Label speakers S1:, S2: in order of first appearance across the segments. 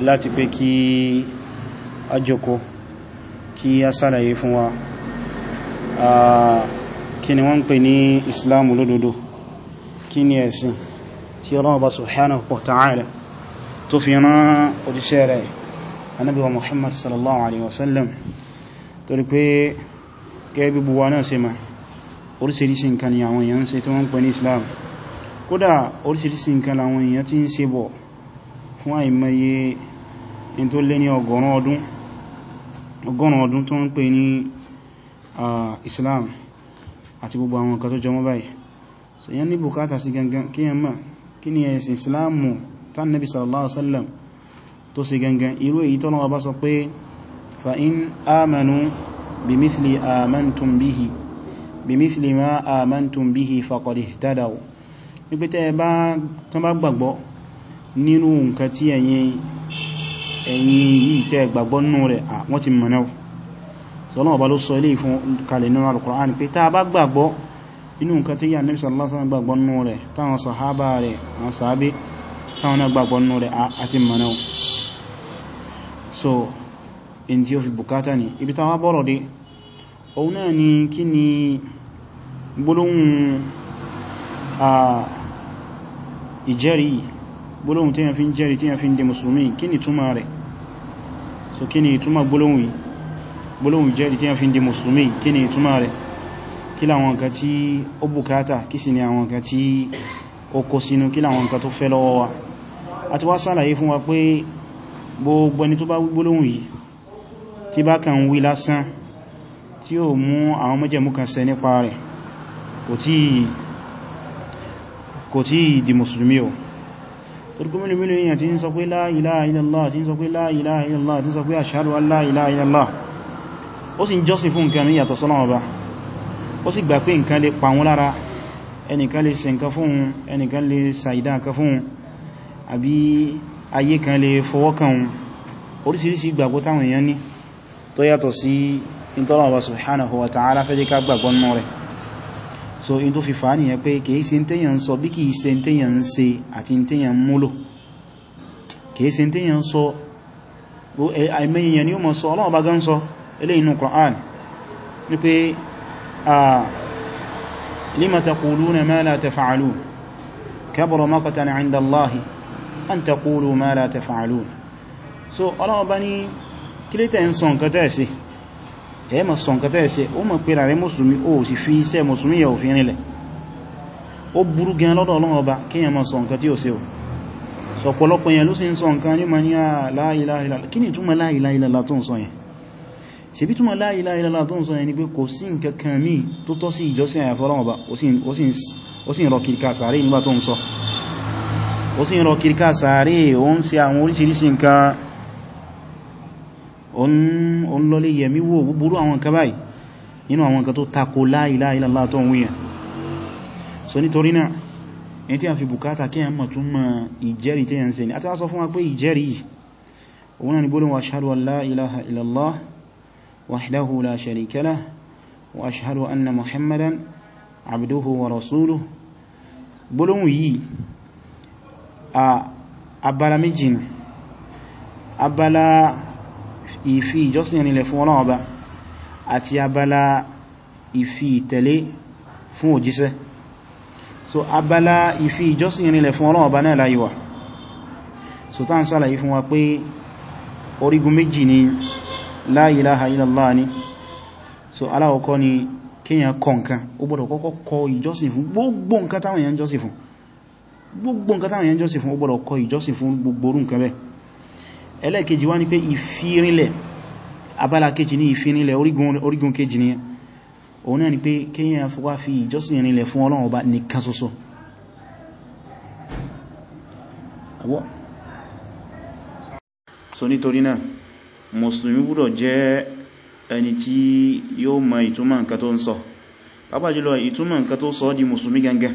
S1: láti pé kí ajoko kí a sálàyé fún wa kí ni wọ́n pè ní islamu lódodo kí ni ẹ̀sìn tí ọlọ́ọ̀bá subhanahu wa ta'ala tó fi rán òdíṣẹ́ rẹ̀ Ànábì Muhammad sallallahu alaihi wasallam torí pé gẹ́gẹ́ bí buwa náà ṣe ma oríṣìíríṣìí nǹkan ni àwọn èèyàn ń ṣe tí wọ́n pè ní Islam kódà oríṣìíríṣìí nǹkan làwọn èèyàn ti ń ṣe bọ̀ fún àìmọye in tó lé ní ọgọ́rùn ọdún ọgọ́rùn ọdún tó ń pè ní Islam àti gbogbo àwọn nǹkan tó jọmọ́ báyìí so yẹn ní bùkátà sí gangan kí yẹn mọ̀ kí ni ẹ̀sìn Islamu tán nabi sallallahu alaihi wasallam tó sí gangan irú èyí tọ́nà ọba sọ pé fa in amanu bimithli amantum bihi bimithli ma ẹ̀yin yìí tẹ́ gbàgbọ́ nínú rẹ̀ wọ́n ti mọ̀nà sọ́lọ́wọ́ ọba ló sọ ilé ìfún kalẹ̀ nínú Al-Qur'an pé tá a bá gbàgbọ́ inú nǹkan tí yà Nabi sallallahu alaihi gbàgbọ́ nínú rẹ̀ táwọn sàhábà rẹ̀ so in tí ó fi bukata ni ibi táwa bọ́rọ̀ dé òun náà ni kí ni gbólóhùn ìjẹ́rìí gbólóhùn tí yà fi ń jẹ́rìí tí yà fi ń di mùsùlùmí kí ni túmọ̀ rẹ̀ so kí ni ìtumọ̀ gbólóhùn jẹ́rì tí a fi ń di mùsùlùmí kí ni ìtumọ̀ rẹ̀ kí láwọn nǹkan tí ó bùkátà kí sì ni àwọn nǹkan tí ó kó sínú kí láwọn nǹkan tó fẹ́ lọ́wọ́ wa àti wá sàlàyé fún wa pé gbogbo torgúnmínú mínú èèyàn tí ń sọ pé la ilaha illallah tí ń sọ pé la ilaha illallah tí ń sọ pé ashhadu an la ilaha illallah ó sì ń jọ́sìn fún nǹkan ìyàtọ̀ sọ́lọ́wọ́ bá ó sì gbà pé nǹkan lè pa wọn lára ẹnìkan lè ṣe nǹkan fún ẹnìkan lè ṣàìdá nǹkan fún àbí ayé kan lè fọwọ́ kan oríṣiríṣi ìgbàgbọ́ táwọn èèyàn ní tó yàtọ̀ sí ìtọ́lọ̀wọ́ subhanahu wa ta'ala fẹ́ jẹ́ ká gbàgbọ́ nínú rẹ̀ so in tó fi fà nìyẹn pé kìí ṣe tẹ́yàn ń sọ bí kìí ṣe tẹ́yàn ń ṣe àti tẹ́yàn ń múlò kìí ṣe tẹ́yàn ń sọ àìmẹ́yìn ni ó mọ̀ sọ Ọlọ́run bá gán sọ ilé inú Qur'an ní pé lima taquluna ma la taf'alun kabura maqtan 'inda Allahi an taqulu ma la taf'alun so Ọlọ́run bá ní kílítẹ̀ ń sọ nǹkan tẹ́ẹ̀ sí ẹ ma sọ nǹkan tẹ́ẹ̀ṣẹ́ ó mọ̀ pé rẹ̀ mùsùlùmí ó sì fi iṣẹ́ mùsùlùmí yẹ òfin rinlẹ̀ ó burú gan lọ́dọ̀ Ọlọ́run ọba kíyàn ma sọ nǹkan tí ó ṣe ò sọ̀pọ̀lọpọ̀ yẹn ló sì ń sọ nǹkan ní ma ah, ní la ilaha illallah kí ni ìtumọ̀ la ilaha illallah tó ń sọ yẹn ṣebí ìtumọ̀ la ilaha illallah tó ń sọ yẹn ni pé kò sí nǹkan kan ní tó tọ́ sí ìjọsìn àyàfi Ọlọ́run ọba ó sì ń rọ kìrìkà sàárè nígbà tó ń sọ ó sì ń rọ kìrìkà sàárè ó ń ṣe àwọn òun lọlé yẹmí wò búburú àwọn nǹkan báyìí nínú àwọn nǹkan tó tako la ilaha illallah tó ń wíyàn so nítorí náà ẹni tí a fi bùkátà kí a mọ̀ tún mọ̀ ìjẹ́rì tí a ń ni a ti sọ fún wa pé ìjẹ́rì òun náà ni bólin wa ashhadu an ìfi ìjọsìn ìrìnlẹ̀ fún Ọlọ́run Ọba àti abala ìfi ìtẹ̀lé fún òjíṣẹ́ so abala ìfi ìjọsìn ìrìnlẹ̀ fún Ọlọ́run Ọba náà láyíwà so tá ń sàlàyé fún wa pé orígun méjì ni la ilaha illallah ni so aláwọ̀kọ́ ni kíyàn kọ nǹkan ó gbọ́dọ̀ kọ́kọ́ kọ ìjọsìn fún gbogbo nǹkan táwọn èèyàn jọ́sìn fún gbogbo nǹkan táwọn èèyàn jọ́sìn fún ó gbọ́dọ̀ ẹlẹ́ẹ̀kejì wá ní pé ìfìrinlẹ̀ abala kejì ní ìfìrinlẹ̀ orígun kejì ní òun náà ni pé kíyàn wá fi ìjọsìn ìrìnlẹ̀ fún Ọlọ́run Ọba nìkan ṣoṣo so nítorí náà mùsùlùmí gbọ́dọ̀ jẹ́ ẹni tí yóò mọ ìtumọ̀ nǹkan tó ń sọ pàápàá jùlọ ìtumọ̀ nǹkan tó sọ di mùsùlùmí gangan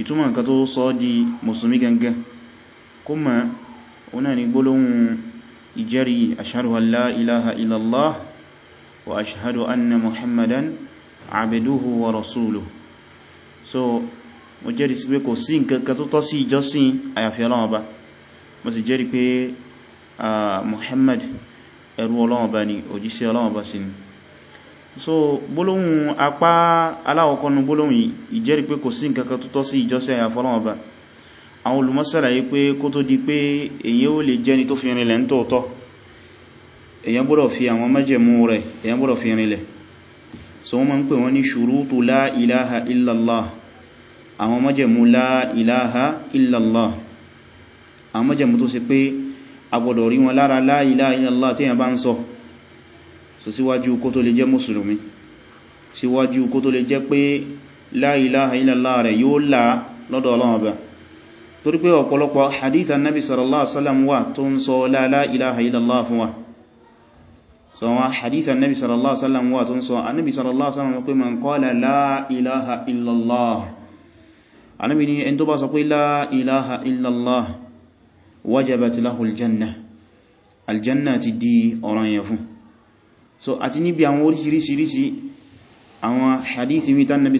S1: ìtumọ̀ nǹkan tó sọ di mùsùlùmí gangan kó mọ̀ ọ̀nà ni gbólóhùn ìjẹ́rí ashhadu an la ilaha illallah wa ashhadu anna muhammadan abduhu wa rasuluhu so mo jẹ́rí sí pé kò sí nǹkan kan tó tọ́ sí ìjọsìn àyàfi Ọlọ́run Ọba mo sì jẹ́rí pé muhammad ẹrú Ọlọ́run Ọba ni òjíṣẹ́ Ọlọ́run Ọba sí ni so gbólóhùn apá aláwọ̀kọ́nu gbólóhùn ìjẹ́rí pé kò sí nǹkan kan tó tọ́ sí ìjọsìn àyàfi Ọlọ́run àwọn olùmọ́sára yí pé kó tó di pé èyí ó lè jẹ́ni tó fi rinlẹ̀ ń tóòtọ́ èyàn gbọ́dọ̀ fi àwọn májẹ̀mú rẹ̀ èyàn gbọ́dọ̀ fi rinlẹ̀ so wọ́n ma ń pè wọ́n ní ṣùrútù la ilaha illallah àwọn májẹ̀mú la ilaha illallah àwọn májẹ̀mú tó ṣe pé a gbọ́dọ̀ rí wọn lára la ilaha illallah tí èyàn bá ń sọ lọ́dọ̀ Ọlọ́run torí pé ọ̀pọ̀lọpọ̀ hadith annabi sallallahu alaihi wasallam wà tó ń sọ la ilaha illallah fún wa so wọn hadith annabi sallallahu alaihi wasallam wà tó ń sọ annabi sallallahu alaihi wasallam pé man qala la ilaha illallah annabi ni ẹni tó bá sọ pé la ilaha illallah wajabat lahul janna aljanna ti di ọ̀ràn yẹn fún so àti níbi àwọn oríṣiríṣiríṣi àwọn hadith mi tán ah,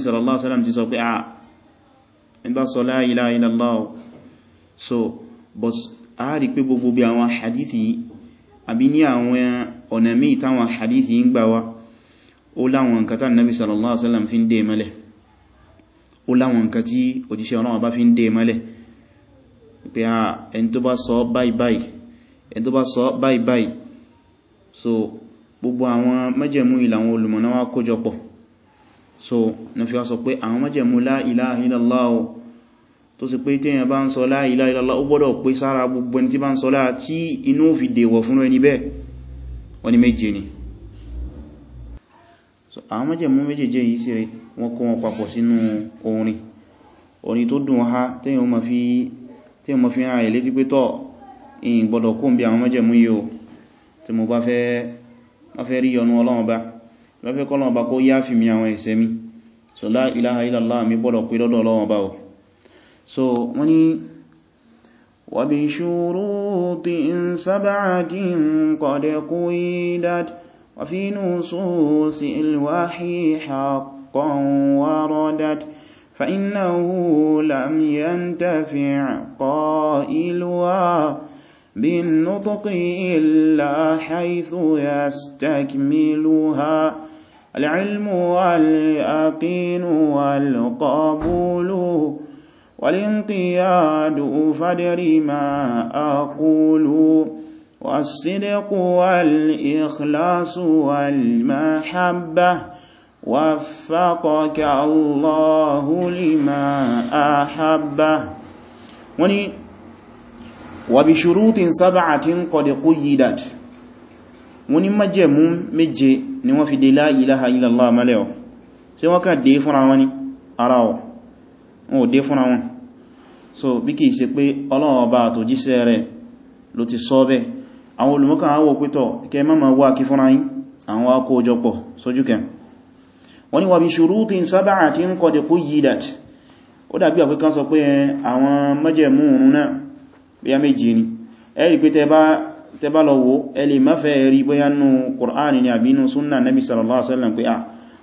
S1: ilaha illallah so but a rí pé gbogbo bí àwọn hadithi àbí ní àwọn ọ̀nà míì táwọn hadithi ń gbà wá ó láwọn nǹkan tí Nabi sallallahu alaihi wasallam fi ń dè mọ́lẹ̀ ó láwọn nǹkan tí òjíṣẹ́ Ọlọ́run bá fi so gbogbo àwọn májẹ̀mú ìlàwọn olùmọ̀ná wá so na fi wá sọ pé àwọn májẹ̀mú la tó sì pé téèyàn bá ń sọ la ilaha illallah ó gbọ́dọ̀ pé sára gbogbo ẹni tí bá ń sọ láà tí inú fi dèwọ̀ fún ẹni bẹ́ẹ̀ wọ́n ni méje ni àwọn mẹ́jẹ̀mú méjèèjì yìí sí rẹ̀ wọ́n kó wọn papọ̀ sínú orin orin tó dùn ha téèyàn ma fi ara ẹ̀ létí pé tọ́ ìyìn gbọ́dọ̀ kó ń bí àwọn mẹ́jẹ̀mú yìí o tí mo bá fẹ́ rí ọnú Ọlọ́run bá lọ́fẹ́ kọ́lọ́run mi àwọn ẹ̀ṣẹ̀ so la ilaha illallah mi gbọ́dọ̀ pé lọ́dọ̀ Ọlọ́run bá o سوء وبشروط سبعة قد قيدت وفي نصوص الوحي حقا وردت فإنه لم ينتفع قائلها بالنطق إلا حيث يستكملها العلم واليقين والقبول والانقياد فدري ما أقول والصدق والإخلاص والمحبة وفقك الله لما أحبه وني وبشروط سبعة قد قيدت wọ́n ní májẹ̀mú méje ni wọ́n fi dé la ilaha illallah mẹ́lẹ̀ ọ̀ ṣé wọ́n kà dé fúnra wọn ni ara ọ̀ wọ́n dé fúnra wọn so bí kìí ṣe pé ọlọ́run ọba àtòjíṣẹ́ rẹ̀ ló ti sọ bẹ́ẹ̀ àwọn olùmọ́kà àwọ̀ pẹ́tọ̀ kẹ mọ́mọ̀ wá kí fúnra yín àwọn akójọpọ̀ sójúkẹ wọ́n ni wà bí ṣurutin sab'atin qad quyyidat dati dàbí àpẹ́kán sọ pé àwọn májẹ̀mú òun ni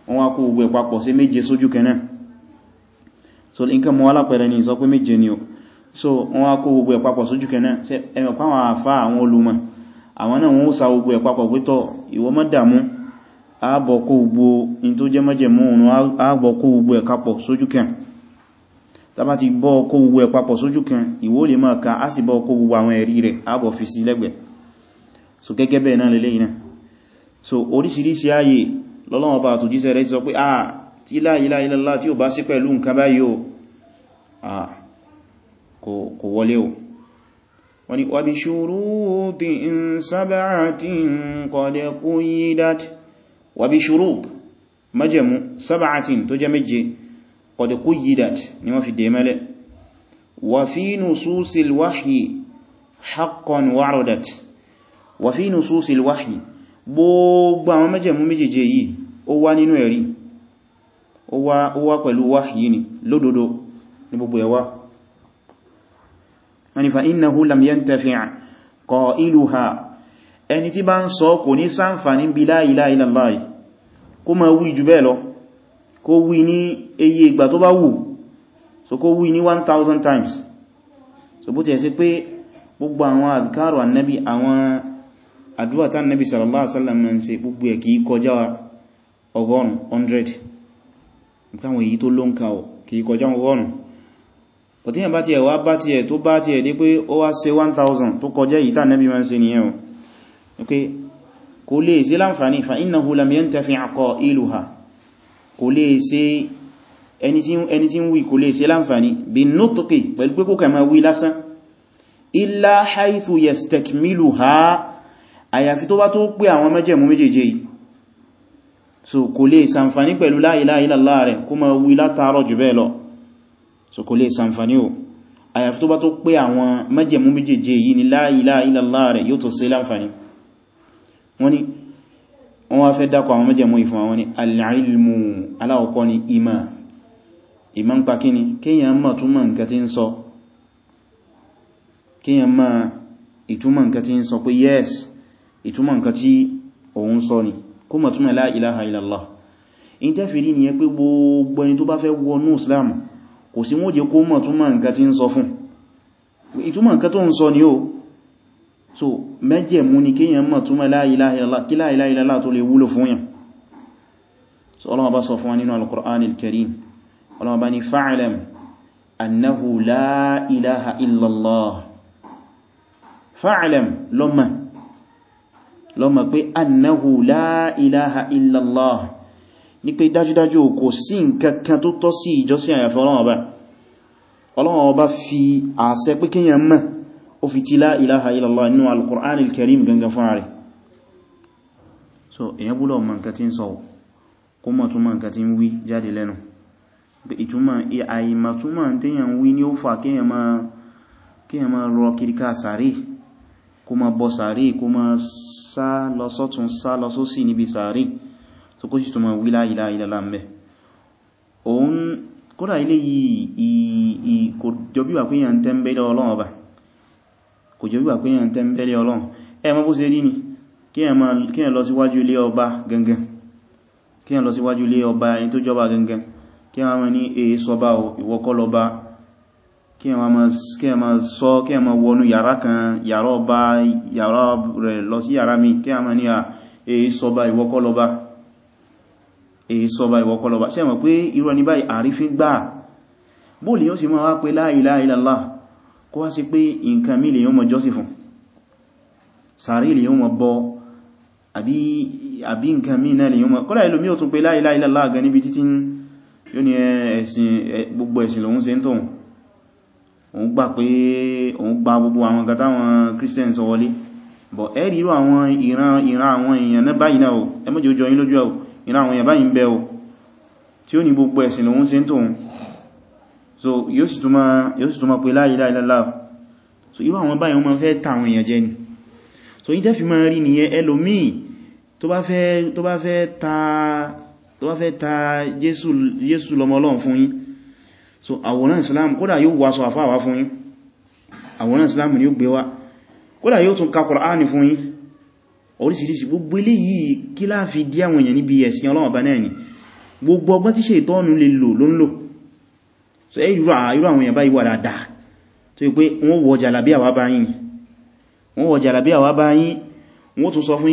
S1: ni wọ́n wá kó sí méje sójú so nǹkan mọ́ so wọ́n wá kó gbogbo ẹ̀ papọ̀ sójú kẹ́nà ẹmọ̀ pàwọn àfá àwọn olùmọ̀ àwọn náà wọ́n ó sa gbogbo ẹ̀ papọ̀ pẹ́tọ̀ ìwọ má dààmú ààbọ̀ kó gbogbo in tó jẹ́ mọ́jẹ̀mú òun ààbọ̀ kó gbogbo ẹ̀ papọ̀ sójú kẹ́n tàbá so gẹ́gẹ́ bẹ́ẹ̀ náà lélẹ́yìn náà so oríṣiríṣi ah tí la ilaha illallah tí ò bá sí pẹ̀lú nǹkan báyìí ah kò wọlé o wọ́n ni wàbí ṣúrútì in sábàtí kọlẹ̀ kó yí dát wàbí ṣúrútì májẹ̀mú sábàtí tó jẹ́ méje kọlẹ̀ kó yí dát ni wọ́n fi dé mẹ́lẹ̀ wà fí wáhì haqqan wàrọ̀dát wà fí wáhì wọ́n ni fa innahu lam yantafi' qailuha ẹni tí bá ń sọ kò ní sáǹfàní bí la ilaha illallah kó ma wí jù bẹ́ẹ̀ lọ kó wí ní eye ìgbà tó bá wù so kó wí ní 1000 times so bó ti sí pé gbogbo àwọn adhkaru annabi àwọn àdúwà tán sallallahu bọ̀ tíyàn bá ti ẹ̀wà bá ti ẹ̀ tó bá ti ẹ̀ dé pé ó wá ṣe 1000 tó kọjẹ́ yìí tàà nẹ́bí máa ń ṣe nìyẹn o pé kò lè ṣe láǹfàní fa innahu lam yantafi qailuha kò lè ṣe ẹni tí ń wí kò lè ṣe láǹfàní bin nutqi pẹ̀lú pé kó kà máa wí lásán illa haythu yastakmiluha àyàfi tó bá tó pé Sokole kò lè ṣàǹfàní o àyàfi tó bá tó pé àwọn májẹ̀mú méjèèje yìí ni la ilaha illallah rẹ̀ yóò tó ṣe láǹfàní wọ́n ni wọ́n wá fẹ́ dákọ̀ àwọn májẹ̀mú ìfún àwọn ni al-ilmu aláwọ̀kọ́ ni ìmà ìmà ń pa kí ni kíyàn mọ̀ túnmọ̀ nǹkan tí ń sọ kíyàn mọ̀ ìtúmọ̀ nǹkan tí ń yes ìtúmọ̀ nǹkan tí òun sọ ni kó mọ̀ túnmọ̀ la ilaha illallah in tẹ́fìrí ni yẹ pé gbogbo ẹni tó bá fẹ́ wọnú islam kò sí mújẹ kó mọ̀ túnmọ̀ nǹkan tí ń sọ fún ìtúmọ̀ nǹkan tó ń sọ ni ó so mẹ́jẹ̀mú ni kíyàn mọ̀ túnmọ̀ la ilaha illallah kí la ilaha illallah tó lè wúlò fún yàn so ọlọ́wọ́ bá sọ fún wa nínú al-Qur'an al-Karim ọlọ́wọ́ bá ní fa'alam annahu la ilaha illallah fa'alam lọ́mà lọ́mà pé annahu ní pé dájúdájú kò sí nǹkankan tó tọ́ sí ìjọsìn àyàfi Ọlọ́run Ọba Ọlọ́run Ọba fi àṣẹ pé kíyàn mọ̀ ó fi ti la ilaha illallah nínú al-Qur'an al so èyàn búlọ̀ mọ̀ nǹkan tí ń sọ kó mọ̀ túnmọ̀ nǹkan tí ń wí jáde lẹ́nu ìtumọ̀ àìmọ̀túnmọ̀ tíyàn ń wí ní ó fà kíyàn so kó sì tó mọ̀ wílá ìlà ìlàlá mẹ́ òun kódà ilé yìí kò jọbíwà pé yàn tẹ́m̀bẹ̀lẹ̀ ọlọ́run ọba kò jọbíwà pé yàn tẹ́m̀bẹ̀lẹ̀ ọlọ́run ẹ mọ́ bó ṣe rí ni kí yàn lọ síwájú ilé ọba gangan kí yàn lọ síwájú ilé ọba ẹni tó jọba gangan kí yàn máa ní èé sọba ìwọ kọ́ lọba kí yàn máa sọ kí yàn èsọba ìwọ̀kọlọba ṣe mọ̀ pé irú ẹni báyìí àrífín gbà bó lè yóò sì máa wá pé la ilaha illallah kó wá sí pé nǹkan mí lè yóò mọ̀ jọ́sì fún sàárì lè yóò mọ̀ bọ́ àbí nǹkan mí náà lè yóò mọ̀ kọ́lá ìlú mí ò tún pé la ilaha illallah gan níbi títí yóò ní ẹ̀sìn gbogbo ẹ̀sìn lòun ṣe ń tọ̀hún òun gbà pé òun gba gbogbo àwọn nǹkan táwọn Christian sọ wọlé bọ̀ ẹ̀rí irú àwọn ìran àwọn èèyàn náà báyìí náà ẹ iná àwọn èèyàn báyìí ń bẹ o tí ó ní gbogbo ẹ̀sìn lòun ṣe ń tóun so yóò sì tún máa pè la ilaha so irú àwọn báyìí wọ́n máa fẹ́ ta àwọn èèyàn jẹ ni so yí tẹ́fì máa rí nìyẹn ẹlòmíì tó bá fẹ́ ta Jésù lọ́mọ Ọlọ́run fún yín so àwòrán Islam kódà yóò wáṣọ àfáàwá fún yín àwòrán Islam ni ó gbé wá kódà yóò tún ka Kùránì fún yín orísìírísìí gbogbo eléyìí kí láà fi dí àwọn èèyàn níbi ẹ̀sìn Ọlọ́run bá náà ni gbogbo ọgbọ́n tí Ṣẹ̀tánù lè lò ló ń lò so ẹ irú àwọn èèyàn báyìí wà dáadáa tó yí pé wọ́n wọ jàlàbí àwá bá yín wọ́n wọ jàlàbí àwá bá yín wọ́n tún sọ fún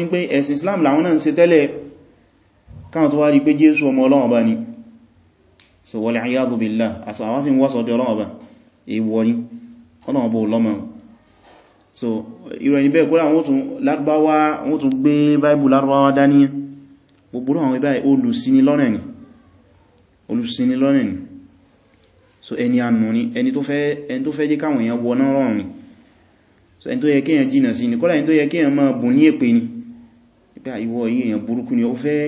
S1: yín pé ẹ̀sìn Islam làwọn náà ń ṣe tẹ́lẹ̀ káwọn tó wá rí pé Jésù ọmọ Ọlọ́run bá ni so wal iyadhu billah àsọ àwọn sì ń wọ́sọ̀ ọdẹ Ọlọ́run bá èèwọ̀ ni Ọlọ́run bó lọ́mọ so irọ́ ẹni bẹ́ẹ̀ kó láwọn tún lárúbáwá wọ́n tún gbé báìbù lárúbáwá dání gbogbo àwọn ibáyìí olùsíní lọ́nà ni olùsíní lọ́nà ni so eni ànà ni ẹni tó fẹ́ jẹ́ káwọn èèyàn wọná rọrùn so ẹni tó yẹ kéèyàn jìnà sí ni kọ́lá ẹni tó yẹ kéèyàn máa bùn ní èpè ni pé ìwọ yìí èèyàn burúkú ni ó fẹ́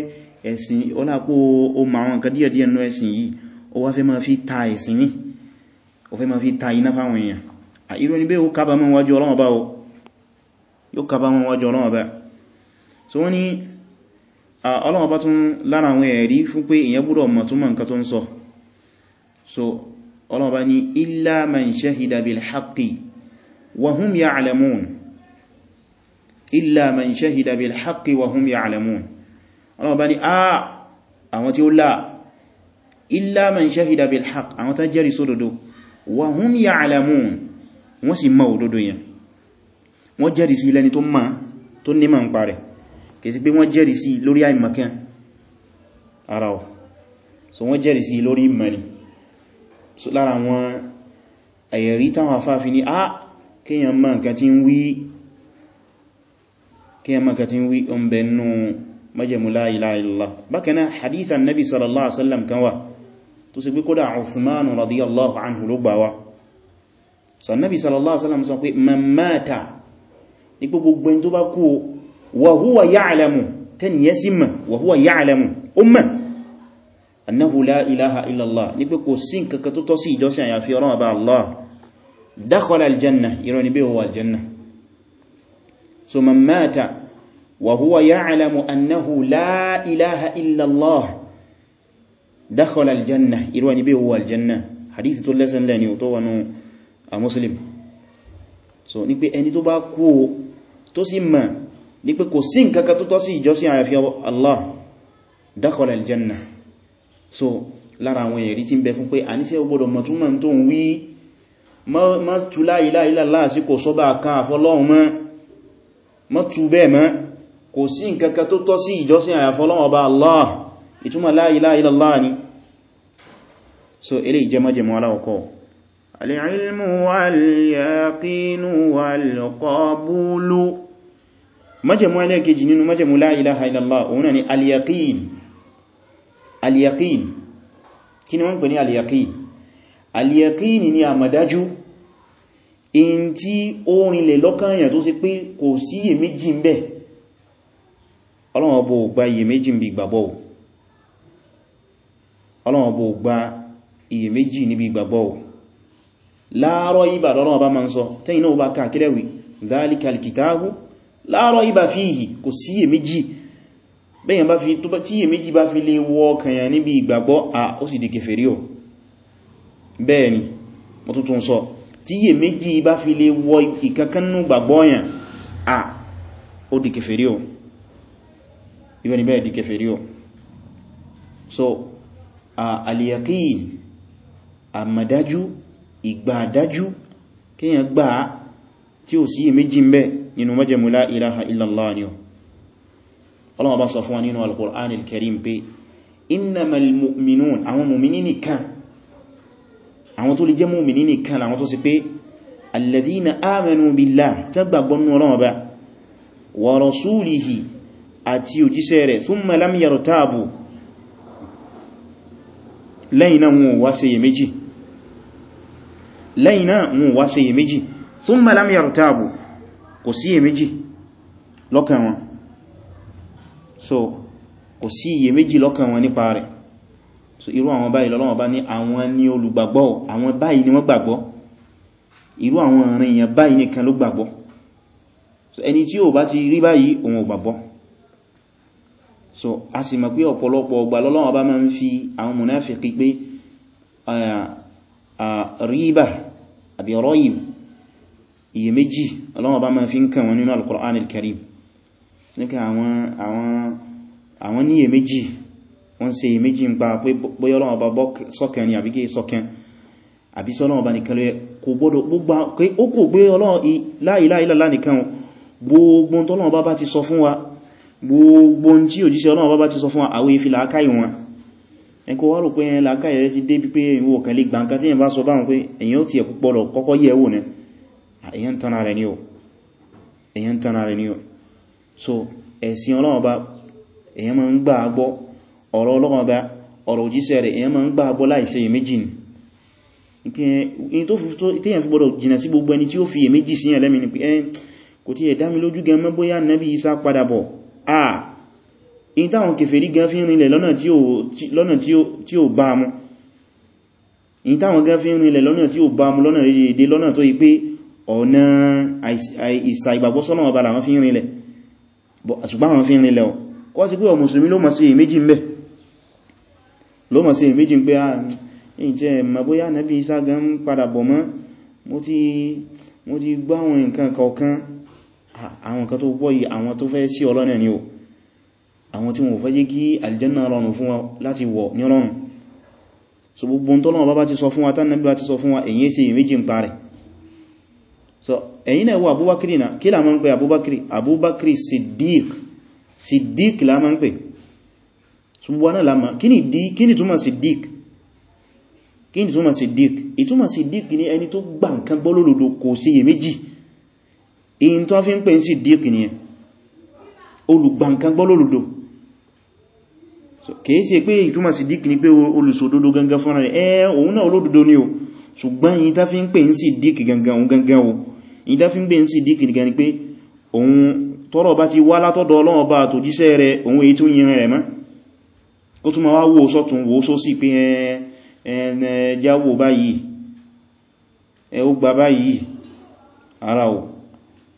S1: ẹ̀sìn ọlápò o ma àwọn nǹkan díẹ̀díẹ̀ nú ẹ̀sìn yìí ó wá fẹ́ máa fi ta ẹ̀sìn ní ó fẹ́ máa fi ta ina fáwọn èèyàn irú ní bẹ́ yóò kábàámọ̀ wájú Ọlọ́run bá o yóò kábàámọ̀ wájú Ọlọ́run bá so wọ́n ni Ọlọ́run bá tún lára àwọn ẹ̀rí fún pé èyàn gbọ́dọ̀ mọ̀ túnmọ̀ nǹkan tó ń sọ so Ọlọ́run bá ní illa man shahida bil haqqi wa hum ya'lamun illa man shahida bil haqqi wa hum ya'lamun Ọlọ́run bá ní a àwọn tí ó láà illa man shahida bil haqqi àwọn tá jẹ́rìí sódodo wa hum ya'lamun wọ́n sì mọ̀ òdodo yẹn wọ́n jẹ́rì sí lẹ́ni tó mọ̀ tó nímọ̀ ń pa rẹ̀ kèsí pé wọ́n jẹ́rì sí lórí àìmọ̀kán ara ọ̀ so wọ́n jẹ́rì sí lórí ìmọ̀ni so lára wọn ẹ̀yẹ̀rí táwọn afáfí ní ah kíyàn mọ̀ nǹkan tí ń wí kíyàn mọ̀ nǹkan tí ń wí ọmọbẹ̀ nù májẹ̀mú la ilaha illallah bákanáà hadith annabi sallallahu alaihi wasallam so annabi sallallahu alaihi wasallam sọ pé man mata ní pé gbogbo ẹni tó bá kú wa huwa ya'lamu tẹ́ni yẹ sí mọ̀ wa huwa ya'lamu ó mọ̀ annahu la ilaha illallah ní pé kò sí nǹkankan tó tọ́ sí ìjọsìn àyàfi Ọlọ́run bá Allah dakhala aljanna ìrọ̀ ní bí wọ́n aljanna so man mata wa huwa ya'lamu annahu la ilaha illallah dakhala aljanna ìrọ̀ ní bí wọ́n aljanna hadith tó lẹ́sẹ̀ lẹ́ni ò tó wọnú a muslim so ní pé ẹni tó bá kú o tó sì mọ̀ ní pé kò sí nǹkan kan tó tọ́ sí ìjọsìn àyàfi Allah dakhala aljanna so lára àwọn èrí tí ń bẹ fún pé a níṣẹ́ gbọ́dọ̀ mọ̀ tún mọ̀ tó ń wí má tú la ilaha illallah sí kò sọ́bà kan àfọlọ́hun mọ́ má tú bẹ́ẹ̀ mọ́ kò sí nǹkan kan Allah ni so eléyìí jẹ́ májẹ̀mú aláwọ̀kọ́ العلم واليقين والقبول májẹ̀mú ẹlẹ́ẹ̀kejì nínú májẹ̀mú la ilaha illallah òun náà ni al-yaqin al-yaqin kí ni wọ́n ń pè ní al-yaqin al-yaqin ni àmàdájú in tí ó rinlẹ̀ lọ́kàn èèyàn tó sì pé kò sí iyèméjì ń bẹ Ọlọ́run bó gba iyèméjì níbi ìgbàgbọ́ Ọlọ́run bó gba iyèméjì níbi ìgbàgbọ́ láàrọ̀ ibà lọ́rọ̀ ọba ma ń sọ tẹ́yìn náà bá ká kílẹ̀wì dhalikal kitabu láàrọ̀ ibà fihi kò síyè méjì bẹ́yàn bá fi tó tíyè méjì bá fi lè wọ kànyàn níbi ìgbàgbọ́ à ó sì di kèfèrí o bẹ́ẹ̀ni mo tún tún sọ tíyè méjì bá fi lè wọ ìkankannú gbàgbọ́ yàn à ó di kèfèrí o ìwẹ̀ni àmàdájú ìgbà dájú kíyàn gbà tí ó sí méjì ń bẹ nínú májẹ̀mú la ilaha illallah ni Ọlọ́run bá sọ fún wa nínú al-Qur'an al-Karim pé innamal mu'minun àwọn mu'mini nìkan àwọn tó lè jẹ́ mu'mini nìkan àwọn tó sì pé alladhina amanu billah tá àti òjíṣẹ́ rẹ̀ thumma lam yartabu lẹ́yìn náà wọn wá ṣeyèméjì lẹ́yìn náà wọn wá ṣe iyèméjì thumma lam kò sí iyèméjì lọ́kàn so kò sí iyèméjì lọ́kàn wọn nípa rẹ̀ so irú àwọn báyìí lọ́lọ́wọ́ bá ní àwọn ní olùgbàgbọ́ àwọn báyìí ni wọ́n gbàgbọ́ irú àwọn ìrìn èèyàn báyìí nìkan ló gbàgbọ́ so ẹni tí ó bá ti rí báyìí òun gbàgbọ́ so a sì mọ̀ pé ọ̀pọ̀lọpọ̀ ọgbà lọ́lọ́wọ́ bá máa ń fi àwọn mùnáfíkì pé eh, ah, ríbà àbí rọ́yìn iye méjì Ọlọ́run bá ma fi ń kàn wọn nínú al-Qur'an al-Karim nípa àwọn ní iye méjì wọ́n ṣe iye méjì ń pa pé bóyá Ọlọ́run bá sọ́kàn ni àbí kí sọ́kàn àbí sọ́lọ́run bá nìkan lóyẹ kò gbọ́dọ̀ gbogbo ó kò gbé ẹkọ́ wá rò pé ẹn láká ẹ̀rẹ́ ti débi pé ìwò kan lè gbà nǹkan tí yẹn bá sọ báhùn pé èyàn ti ẹ̀kú pọ̀lọ̀ kọ́kọ́ yẹ̀ wò ní èyàn tánà rẹ̀ ní o ihe o so ẹ̀sìn Ọlọ́run èyàn máa ń gbà gbọ́ ọ̀rọ̀ Ọlọ́run ni gbogbo fi iyèméjì síyàn in táwọn kèfèrí gan fi ń rinlẹ̀ lọ́nà tí ó bá mú in táwọn gan fi ń rinlẹ̀ lọ́nà tí ó bá mú lọ́nà rèdè lọ́nà tó yí pé ọ̀nà ìsà ìgbàgbọ́ sọ́nà ọba làwọn fi ń rinlẹ̀ ṣùgbọ́n àwọn fi ń rinlẹ̀ kọ́ sí pé ọ mùsùlùmí ló mọ̀ sí èméjì ń bẹ ló àwọn tí wọ́n fẹ́ jẹ́ kí aljanna rọrùn fún wa láti wọ̀ ní rọrùn so gbogbo ohun tọ́lọ́run bá ti sọ fún wa tán bá ti sọ fún wa èyí sí méjì ń parẹ̀ so ẹ̀yìn náà wọ abúbákiri na kí la máa ń pè abúbákiri abúbákiri siddiq siddiq la máa ń pè so gbogbo náà la máa kí ni túmọ̀ siddiq kí ni túmọ̀ siddiq ìtúmọ̀ siddiq ni ẹni tó gbà nǹkan gbọ́ lódodo kò sí iye méjì èyí siddiq ni olùgbà nǹkan gbọ́ lódodo kìí ṣe pé ìtumọ̀ Siddiq ni pé olùsòdodo gangan fúnra rẹ̀ ẹ́ òun náà olódodo ni o ṣùgbọ́n yìí tá fi ń pè ń Siddiq gangan òun gangan o yìí tá fi ń pè ń Siddiq gangan ni pé òun tọ́rọ̀ bá ti wá látọ́dọ̀ Ọlọ́run Ọba àtòjíṣẹ́ rẹ̀ òun èyí tó yin rẹ̀ mọ́ ó tún ma wá wò sọ́tún wò sósì pé ẹjáwò báyìí ẹ ó gba báyìí ara ò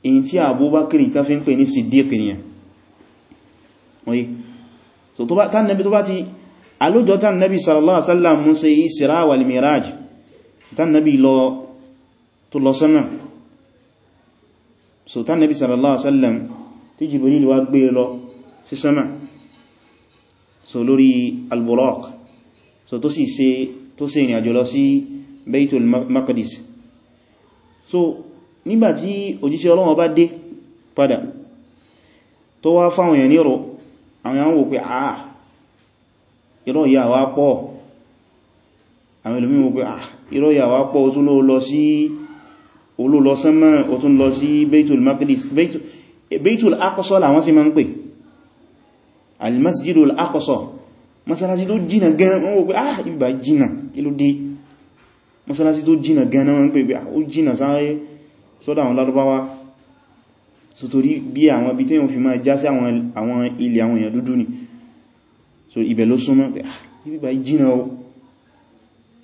S1: èyí tí Abubakar tá fi ń so tó bá tán nabi tó bá ti alójọ́ tán nabi sallallahu alaihi wasallam mú ṣe isra wal miraj tán nabi lọ tó lọ sánmà so tán nabi sallallahu alaihi wasallam tí jibril wá gbé lọ sí sánmà so lórí al-buraq so tó sì ṣe tó ṣe ìrìn àjò lọ sí baitul maqdis so nígbàtí òjíṣẹ́ Ọlọ́run bá dé padà tó wá fáwọn èèyàn ní ọ̀rọ̀ àwọn èèyàn wò pé àà ah, irọ́ ìyà wá pọ̀ àwọn ìlúmí wò pé àà ah, irọ́ ìyà wá pọ̀ ó tún ló lọ sí olóòlọ sánmà ó tún lọ sí Baitul Maqdis Baitul Aqsa làwọn sì máa ń pè al-Masjidul Aqsa masalasi tó jìnà gan wọ́n wò pé àà ah, ibà jìnà kí ló dé masalasi tó jìnà gan náà wọ́n pè pé ó jìnà sáré sọ́dọ̀ àwọn lárúbáwá so torí bí àwọn ibi tí yíò fi máa já sí àwọn ilẹ̀ àwọn èèyàn dúdú ni so ibẹ̀ ló súnmọ́ pé ah, ibi bá jìnà o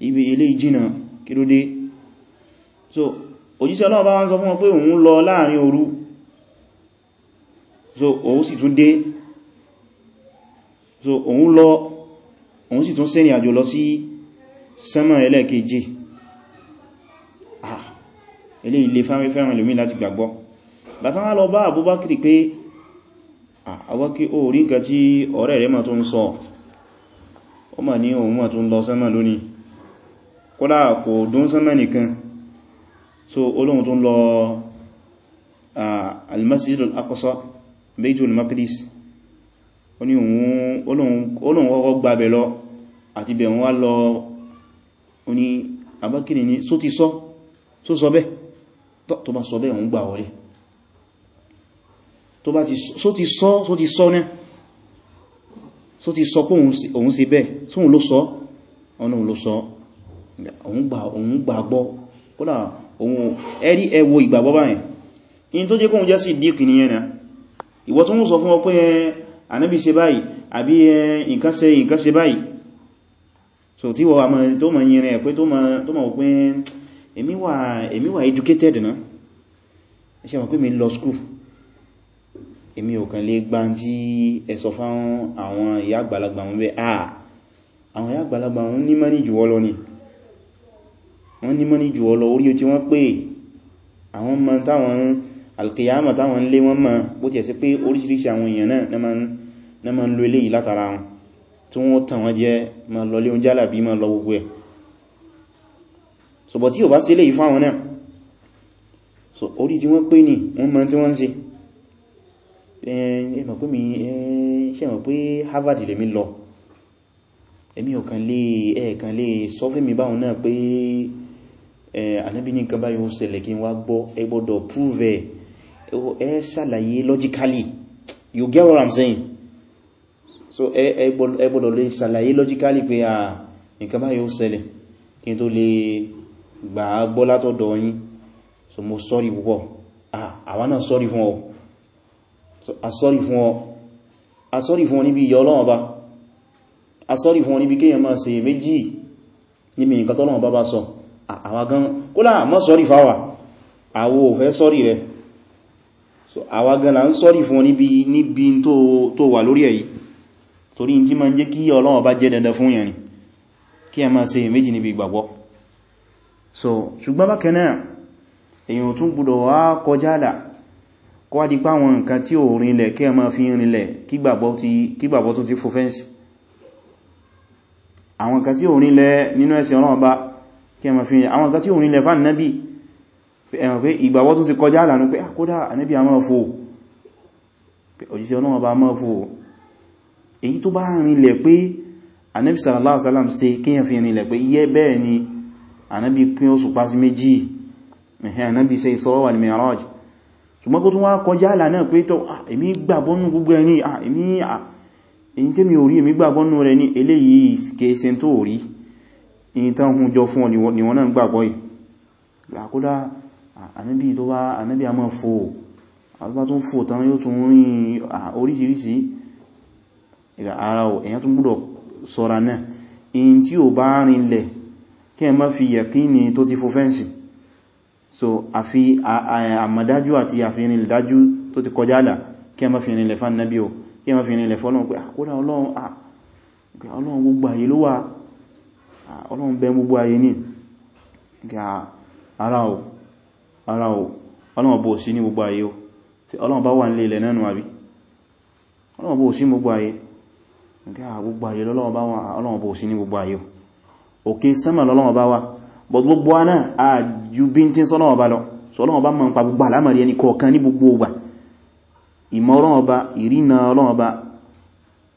S1: ibi ilé jina kirode ló dé so òjíṣẹ́ ọlọ́ọ̀bá wọ́n sọ fún wọn pé òun lọ láàrin so òun sì tún dé so òun lọ òun sì tún sẹ́rìn àjò lọ sí sánmà ẹlẹ́ẹ̀keje ah ilé ilé fẹ́ràn lómi láti gbàgbọ́ bàtán wá lọ bá Abubakiri pé àwọ́kí ó rí nǹkan tí ọ̀rẹ́ rẹ̀ ma tó ń sọ ó ma ní òun ma tó ń lọ sánmà lónìí kódà kò dún sánmà nìkan so olóhun tó ń lọ al-Masjid al-Aqsa Baitul Maqdis ó ní olóhun kọ́kọ́ gbàbẹ̀ lọ àti bẹ̀ wọ́n wá lọ ó ní Abubakiri ní tó bá ti sọ ti sọ náà tó ti sọ pé òun ṣe bẹ́ẹ̀ tó òun ló sọ ọ̀nà òun ló sọ òun gbàgbọ́ kódà òun ẹ̀rí ẹwọ ìgbàgbọ́ báyìí in tó jẹ́ kóhun jẹ́ sí díkì ní ẹ̀nà ìwọ tó ń sọ fún ọ pé ànábì ṣe báyìí àbí èmi ò kàn lè gbá tí ẹ sọ fáwọn àwọn ìyá àgbàlagbà wọn bẹ́ àà àwọn ìyá àgbàlagbà wọn ní mọ́ ní jù ọlọ ni wọ́n ní mọ́ ní jù ọlọ orí tí wọ́n pè àwọn mọ́ táwọn alkiyama táwọn lé wọ́n mọ́ bó ti ẹ̀ pé oríṣiríṣi àwọn èèyàn náà na ma ń lo eléyìí látara wọn tí wọ́n tàn wọ́n jẹ́ ma lọ lé oúnjẹ́ àlàbí ma lọ gbogbo ẹ̀ sọ̀bọ̀ tí ò bá sí eléyìí fáwọn náà so orí tí wọ́n pè ní wọ́n mọ́ tí wọ́n ń ṣe ṣẹ́mọ̀ pé Harvard lè mi lọ èmi ò kàn lè ẹ̀ẹ̀kan lè sọ fún mi báhùn náà pé ànábì ní nǹkan báyìí ó ṣẹlẹ̀ kí n wá gbọ́ ẹ gbọ́dọ̀ prove ẹ ṣàlàyé logically you get what i'm saying so ẹ gbọ́dọ̀ lè ṣàlàyé logically pé à nǹkan báyìí ó ṣẹlẹ̀ kí n tó lè gbà á gbọ́ látọ̀dọ̀ yín so mo sorry púpọ̀ àwọn náà sorry fún ọ asọ́rì fún ọ asọ́rì fún ọ níbi ìyọ ọlọ́wọ́n bá asọ́rì fún ọ níbi kíyàn máa ṣe méjì níbi nǹkan tọ́lọ́wọ́n bá bá sọ àwa gan kólà mọ́ sọ́rì fáwà àwọ òfẹ́ sọ́rì rẹ̀ so àwa gan la ń sọ́rì fún ọ níbi níbi tó wà lórí èyí torí tí ma ń jẹ́ kí ọlọ́wọ́n bá jẹ́ dandan fún yẹn kí a máa ṣe méjì níbi ìgbàgbọ́ so ṣùgbọ́n bákan náà èyàn tún gbọ́dọ̀ wá kọjá kó wá di pá àwọn nǹkan tí ò rinlẹ̀ kí ẹ máa fi rinlẹ̀ kí gbàgbọ́ tún ti fò fẹ́ǹsì àwọn nǹkan tí ò rinlẹ̀ nínú ẹ̀sìn ọ̀rọ̀ ọba kí ẹ máa fi rinlẹ̀ àwọn nǹkan tí ò rinlẹ̀ fáàn nábì ẹ̀mọ̀ pé ìgbàgbọ́ tún ti kọjá àlànà pé àkódà ànábì a máa fò òjíṣẹ́ ọlọ́wọ́ máa fò èyí tó bá rinlẹ̀ pé ànábì sallallahu alaihi kí ẹ fi rinlẹ̀ pé iye bẹ́ẹ̀ ni ànábì pín òṣùpá sí méjì ànábì ṣe ìsọ́rọ̀wà ní mẹ́ràjì ṣùgbọ́n kó tún wá kọjá àlà náà pé tọ́ èmi gbàgbọ́nú gbogbo ẹni èmi èyí tí mi ò rí èmi ní eléyìí kẹsẹ̀ tó rí èyí hun jọ fún ọ ni wọ́n náà gbàgbọ́ yìí àkódá ànábì tó bá ànábì a máa fò àbá tún fò tán yóò tún rí oríṣiríṣi ara ò èyàn tún so àfi àmàdájú àti àfihàn ìdájú tó ti kọjá àlà kí a má fi rìnlẹ̀ fán nábí o kí a má fi rìnlẹ̀ fọ́lọ́n pé àkódà ọlọ́run gbogbo ayé ló wà ọlọ́run bẹ gbogbo ayé ní ara o ara o ọlọ́run bó sí ní gbogbo ayé o ọlọ́run bá wà nílé ilẹ̀ náà but gbogbo wa náà a ju bí n tí ń sọ́nà ọba lọ sọ́nà ọba ma ń pa gbogbo àlámàrí ẹni kọ̀ọ̀kan ní gbogbo ọgbà ìmọ̀ ọba ìrìnà ọlọ́run ọba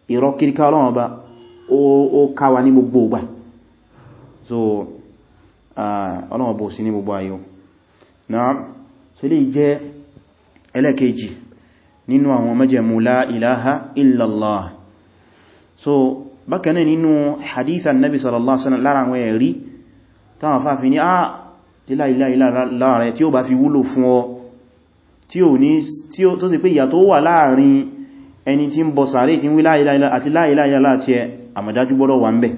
S1: ìrọ́ ó káwa ní gbogbo so ọlọ́run ọba ò sí ní gbogbo ayò náà so lè jẹ́ ẹlẹ́kejì nínú àwọn mẹ́jẹ̀mú la ilaha illallah so bákanáà nínú hadithan nabi sallallahu alaihi wasallam lára àwọn ẹ̀rí táwọn fàáfi ní àà lílá ilá ilá láàrin tí ó bá fi wúlò fún ọ tó sì pé ìyàtọ̀ wà láàrin ẹni tí ń bọ sàárè tí ń wí láìláìlá àti láìláìlá àti ẹ àmàdájú gbọ́dọ̀ wà ń bẹ̀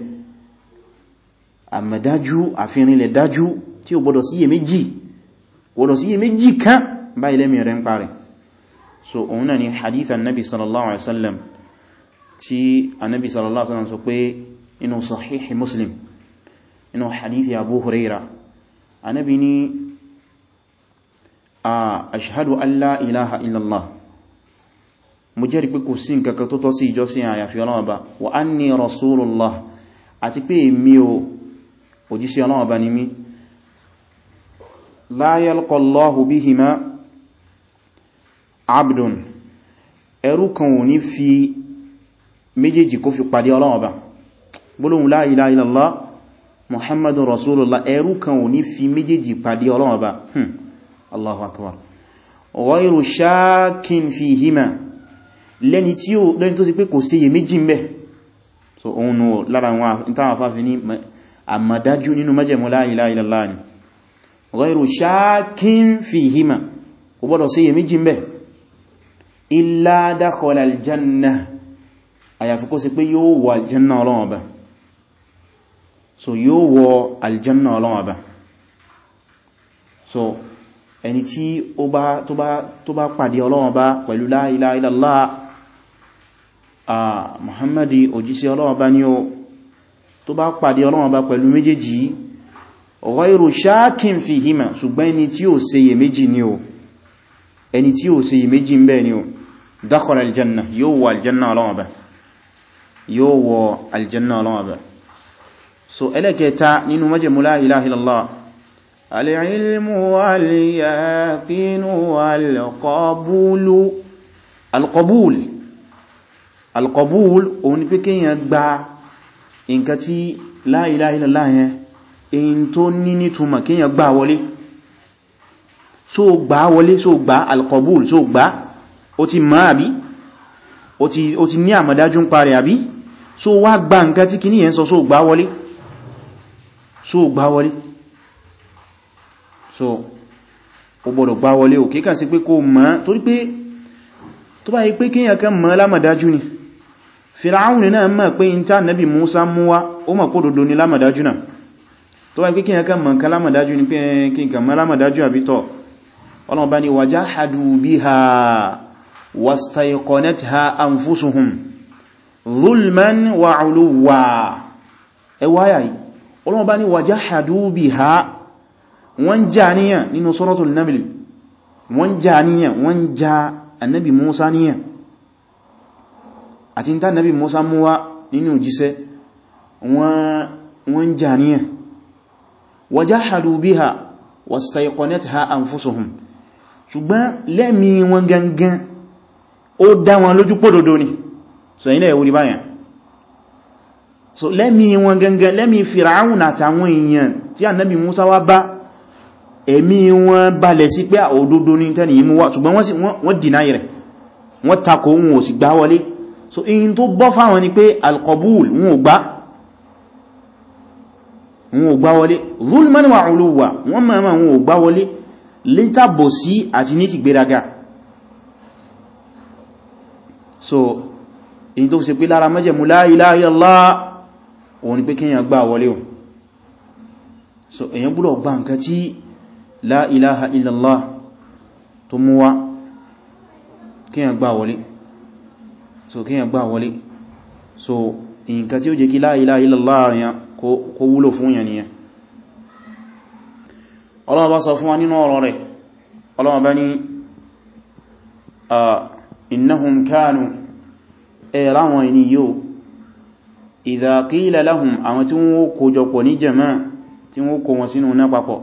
S1: àmàdájú àfihànilẹ̀ dájú tí ó gbọ́dọ̀ síyè méjì gbọ́dọ̀ síyè méjì kan bá ilẹ́mì rẹ̀ ń parẹ̀ so òun náà ni hadith annabi sallallahu alaihi wasallam tí annabi sallallahu alaihi wasallam sọ pé inú muslim inú hadithi abu huraira anabi ni a ashhadu an la ilaha illallah mo jẹ́rìí pé kò sí nǹkan kan tó tọ́ sí ìjọsìn àyàfi Ọlọ́run Ọba wa anni rasulullah àti pé èmi o òjíṣẹ́ Ọlọ́run Ọba ni mí la yalqa Allahu bihima abdun ẹrú kan ò ní fi méjèèjì kó fi pàdé Ọlọ́run Ọba gbólóhùn la ilaha illallah muhammadu rasulullah ẹrú kan ò ní fi méjèèjì pàdé ọlọ́run ọba hmm. allahu akbar ghayru shakin fihima lẹ́ni tí ó lẹ́ni tó sì pé kò sí iye méjì ń so òun nù lára wọn ìtàwà fáfin ní àmàdájú nínú májẹ̀mú la ilaha illallah ni ghayru shakin fihima kò gbọ́dọ̀ sí iye méjì ń bẹ illa dakhala aljanna so yóò wọ aljanna ọlọ́wọ́ bá so ẹni tí ó bá tó bá pàdé ọlọ́wọ́ bá pẹ̀lú la ilaha illallah à Muhammadi òjíṣẹ́ ọlọ́wọ́ bá ní o tó bá pàdé ọlọ́wọ́ bá pẹ̀lú méjèèjì ghayru shakin fihima ṣùgbọ́n ẹni tí ó ṣeyè méjì ni o ẹni tí ó ṣeyè méjì ń bẹ ni o dakhala aljanna yóò wọ aljanna ọlọ́wọ́ so ẹlẹ́kẹta nínú májẹ̀mú la ilaha illallah al-ilmu wal-yaqinu wal-qabulu al-qabul al-qabul òun ni pé kíyàn gba nǹkan tí la ilaha illallah yẹn èyí tó ní nítumọ̀ kíyàn gbà wọlé so gbà wọlé so gbà al-qabul so gbà ó ti máa àbí ó ti ní àmọ̀dájú ń parí àbí so wá gba nǹkan tí kìníyàn sọ so gbà wọlé so gbá wọlé so o gbọ́dọ̀ gbá wọlé o kíkà sí pé kó mọ̀ torí pé tó bá yí pé kíyàn kan mọ̀ lámàdájú ni Fìràún náà mọ̀ pé in tá nẹ́bì Musa mú wá ó mọ̀ kó dodo ni lámàdájú náà tó bá yí pé kíyàn kan mọ̀ nǹkan lámàdájú ni pé Ọlọ́run bá ní wajahadu biha wọ́n já níyàn nínú suratul naml wọ́n já níyàn wọ́n já annabi Musa níyàn àti níta annabi Musa mú wá nínú jíṣẹ́ wọ́n já níyàn wajahadu biha wastayqanatha anfusuhum ṣùgbọ́n lẹ́mí wọn gangan ó dá wọn lójú pódòdó ni so ẹ̀yìn ẹ̀wò ní báyàn so lẹ́mí wọn gangan lẹ́mí fìràún àtàwọn èèyàn tí ànábì Musa wá bá ẹ̀mí wọn balẹ̀ sí pé òdodo ní tẹ́ni yìí mú wá ṣùgbọ́n wọ́n sì wọ́n dìná rẹ̀ wọ́n takò wọn ò sì gbá wọlé so in tó bọ́ fáwọn ni pé alkọbúl wọn ò gbá wọn ò gbá wọlé zulman wa uluwa wọ́n mọ̀ wọn ò gbá so in tó fi ṣe pé lára májẹ̀mú la ilaha òun ni pé kíyàn gbà wọlé o so èyàn búrọ̀ gbà nǹkan tí la ilaha illallah tó mú wá kíyàn gbà so kíyàn gbà wọlé so nǹkan tí ó jẹ́ kí la ilaha illallah yẹn kó wúlò fún yẹn nìyẹn ọlọ́wọ́ bá sọ fún wa nínú ọ̀rọ̀ rẹ̀ ọlọ́wọ́ ní ah, innahum kanu ẹ̀ráwọn ẹni yóò idha qila lahum àwọn tí wọ́n kó jọpọ̀ ní jẹ̀má tí wọ́n kó wọn sínú náà papọ̀